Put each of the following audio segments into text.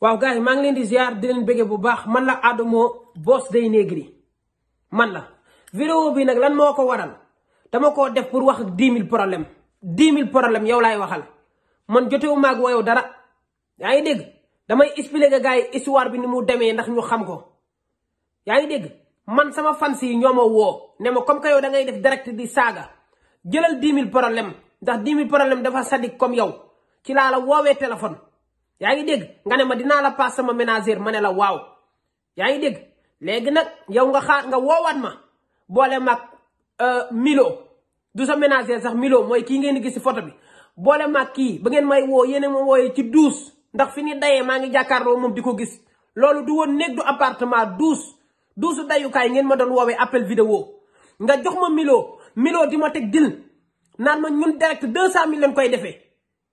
waaw gars yi maa ngi leen di ziar di leen bu baax man la Adamo Boss Dey Negri man la vidéo bi nag lan moo ko waral dama koo def pour wax ak 10 problème 10 000 problème yow laay waxal man jotewu maag woyow dara yaa ngi dégg damay expliquer gars yi histoire bi ni mu demee ndax ñu xam ko yaa ngi dégg man sama fans yi ñoo ma woo ne ma comme que yow da ngay def direct di saaga jëlal 10 000 problème ndax 10 000 problème dafa sadik comme yow ci laa la woowee téléphone yaa ngi dégg nga ne ma dinaa la paas sama ménagère ma ne la waaw yaa ngi dégg léegi nag yow nga xaar nga woowaat ma boole mag euh, milo du sa ménagère sax milo mooy kii ngeen di gis si photo bi boole mag kii ba ngeen may woo yéen ma wooyee ci douze ndax fi ni dayee maa ngi jàkkaarloo moom di ko gis loolu du woon néeg du appartement douze douze dayukaay ngeen ma doon woowee appel vidéo nga jox ma milo milo di ma teg dil naan ma ñun direct deux cent mille lañ koy defee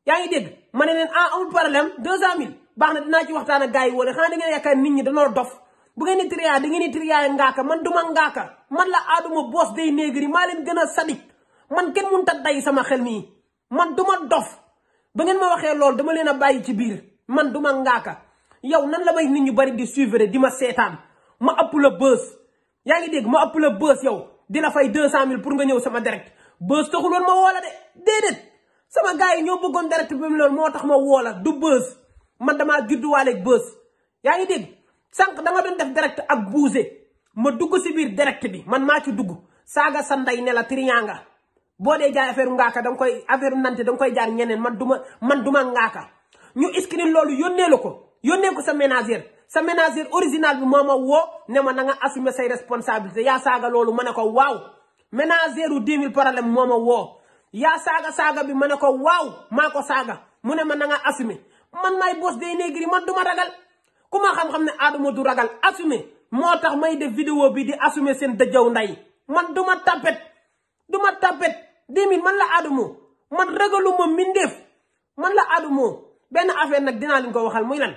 yaa ngi dégg ma ne leen ah amul problème deux cent mille baax na dinaa ci waxtaan ak gars yi wala xanaa da ngeen yaakaar nit ñi danoo dof bu ngeen di triyaa da ngeen di triyaa ngaaka man duma ngaaka man la aaduma boos day néegri maa leen gën a sadik man kenn mënut a day sama xel mii man duma dof ba ngeen ma waxee loolu dama leen a bàyyi ci biir man duma ngaaka yow nan la may nit ñu bari di suivre di ma seetaan ma ëpp la bës yaa ngi dégg ma ëpp la bës yow di fay deux cent mille pour nga ñëw sama direct bës taxul woon ma de déedéet sama gars yi ñoo bëggoon deret bi loolu moo tax ma woola la du bës man damaa judduwaaleeg bës yaa ngi dégg sànq da nga doon def direct ak bouse ma dugg si biir direct bi man maa ci dugg saaga sa ndey ne la trianga boo dee jaay affaire ngaaka da nga koy affaire nante da nga koy jaar ñeneen man duma man du ma ngaaka ñu iskrin loolu yónnee la ko yónnee ko sa ménagère sa ménagère original bi moo ma woo ne ma na nga assumer say responsabilité yaa saaga loolu ma ne ko waaw ménagère u 10 000 problème moo ma woo yaa saaga saaga bi ma ne ko waaw maa ko saaga mu ne ma na nga assumer man maay boss des négri man du ma ragal ku ma xam-xam ne Adama du ragal assumer moo tax may def vidéo bi di assumer seen dëjëw nday man du ma tapet du ma tapet démin man la Adama man ragaluma mindeef man la Adama benn affaire nag dinaa leen ko waxal muy lan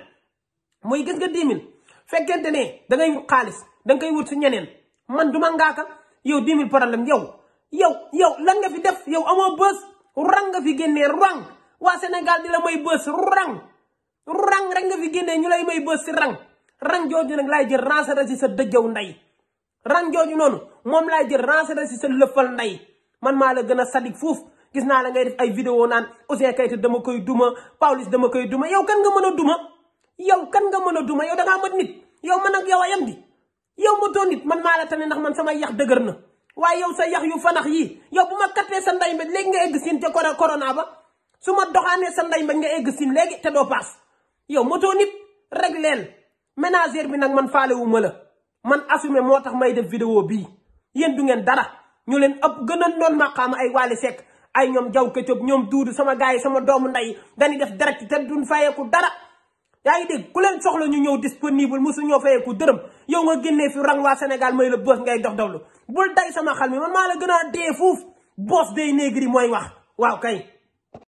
muy gis nga démin fekkente ne dangay xaalis da koy wut si ñeneen man du ma ngaaka yow démin problème yow. yow yow lan nga fi def yow amoo bës rang nga fi génnee rang waa Sénégal di la may bës rang rang rek nga fi génnee ñu lay may bës si rang rang jooju nag laay jël rancéra si sa dëjëw nday rang jooju noonu moom laay jël rancéra si sa lëfal nday man maa la gën a sadik foofu gis naa la ngay ay vidéo naan Ouzin Keita dama koy duma Pawlish dama koy duma yow kan nga mën a duma yow kan nga mën a duma yow da ngaa mën nit yow man ak yow a yem di yow ma doon nit man maa la tane ndax man sama yax dëgër na waaye yow sa yax yu fanax yii yow bu ma kattee sa nday mbéj léegi nga egg siin te corona ba su ma doxaanee sa nday mbéj nga egg siin léegi te doo paas yow moto nit rek leen ménagère bi nag man faale wu ma la man assumé moo tax may def vidéo bii yéen du ngeen dara ñu leen ak gën a doon maqaama ay Wally Seck ay ñoom jaw këcob ñoom duudu sama gars yi sama doomu nday dañuy def direct te duñ fayeeku dara yaa ngi dégg ku leen soxla ñu ñëw disponible mosu ñoo fayeeku dërëm yow nga génnee fi rang waa Sénégal may la boos ngay dox dawlu bul day sama xal mi man maa la gën a dee fuuf boos day néegri mooy wax waaw kay